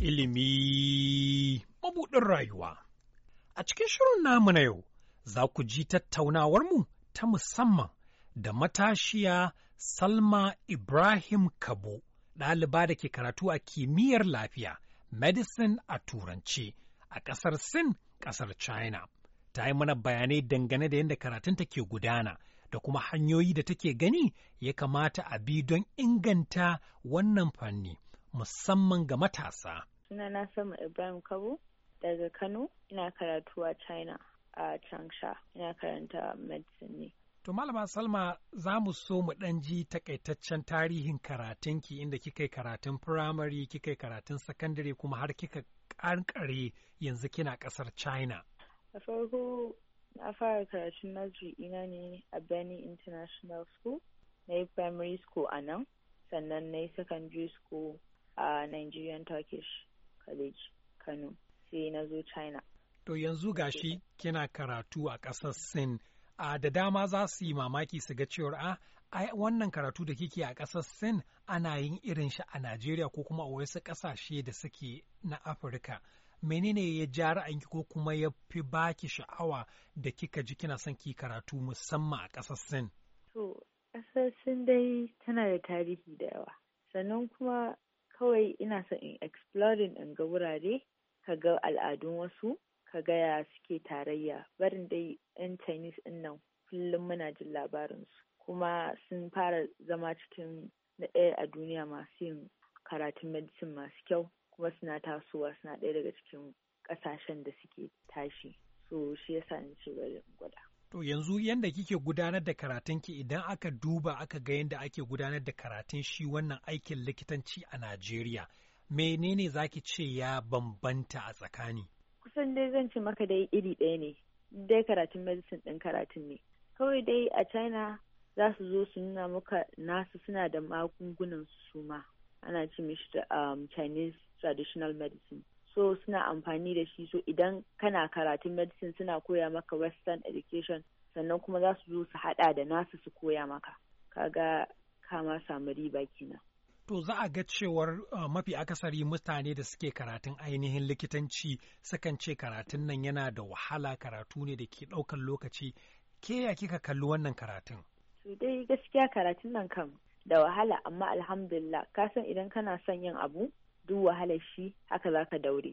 ilimi mabuɗin rayuwa. A cikin shirin namu na yau, za ku ji tattaunawarmu ta musamman da matashiya Salma Ibrahim Kabo, ɗaliba da ke karatu a kimiyyar lafiya, medicine a Turanci, a ƙasar Sin, ƙasar China. Ta yi mana bayanai dangane da yadda karatunta ke gudana. da kuma hanyoyi da take gani ya kamata a bi don inganta wannan fanni musamman ga matasa. na sama ibrahim kabo daga kano ina karatu a china a changsha ina karanta medicine ne to malama salma za mu so mu ɗan ji takaitaccen tarihin karatunki inda kika karatun firamare kika karatun sakandare kuma har kika kankare yanzu kina ƙasar china a farko na fara karatun nursery ina ne a Benin International School, na yi primary school a nan, sannan na yi secondary school a Nigerian Turkish. college kano sai na zo china to yanzu gashi kina karatu a ƙasar sin a da dama za su yi mamaki su ga cewar a ah, wannan karatu da kike a ƙasar sin ana yin irin shi a najeriya ko kuma a wasu ƙasashe da suke na afirka menene ya ja ra'ayinki ko kuma ya fi baki sha'awa da kika ji kina son ki karatu musamman a ƙasar sin to ƙasar sin dai tana da tarihi da yawa sannan kuma kawai ina son in exploring in ga wurare ka ga al'adun wasu ka ga ya suke tarayya barin dai 'yan chinese din nan kullum muna jin labarinsu kuma sun fara zama cikin na ɗaya a duniya masu yin karatun medicine masu kyau kuma suna tasowa suna ɗaya daga cikin ƙasashen da suke tashi so shi yasa ni ce bari gwada To yanzu yadda kike gudanar da karatunki idan aka duba aka ga yadda ake gudanar da karatun shi wannan aikin likitanci a Najeriya, menene zaki ce ya bambanta a tsakani? Kusan dai zan ce maka dai iri ɗaya ne, dai karatun medicine ɗin karatun ne. Kawai dai a China za su zo su nuna maka nasu suna da magungunan su ma. Ana ce mishi da um, Chinese traditional medicine. so suna amfani da shi so idan kana karatun medicine suna koya maka western education sannan kuma za su zo su hada da nasu su koya maka kaga kama samu riba kenan to za a ga cewar uh, mafi akasari mutane da suke karatun ainihin likitanci sukan ce karatun nan yana da wahala karatu ne da ke ɗaukan lokaci ke ya kika kalli wannan karatun to dai gaskiya karatun nan kan da wahala amma alhamdulillah ka san idan kana son yin abu duk wahalar shi haka za ka daure